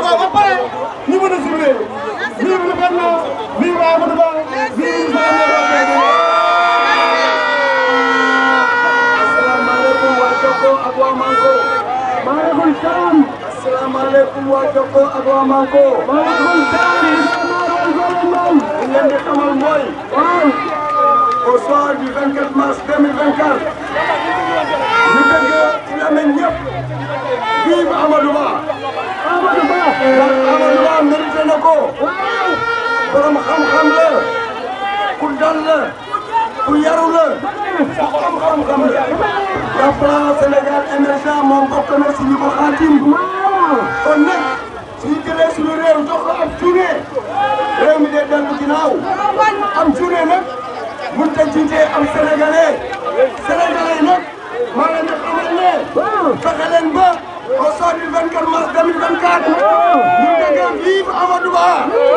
combat ba pare ñu mën a suivre vive le Benno vive Amadou Ba vive asalaamaaleykum waa Jokko ak waa Manko maaleykum salaam asalaamaaleykum waa Jokko ak waa Manko maaleykum salaam li leen di xamal mooy au soir du 24 mars 2024 ñu dégg la ñëpp vive Amadou Ba xam-xam la ku dal la ku yaru la ku am xam-xam la. ndax plan Sénégal émergent moom bokk na si ko xaatim kon nag suñu jëlee suñu réew jox ko am cuune mi dee dellu ginnaaw am cuune nag mënut a jiitee am sénégalais sénégalais nag maa leen di xamal ne fexe leen ba au soir du 24 mars 2024 ñu dégg vive Amadou Ba.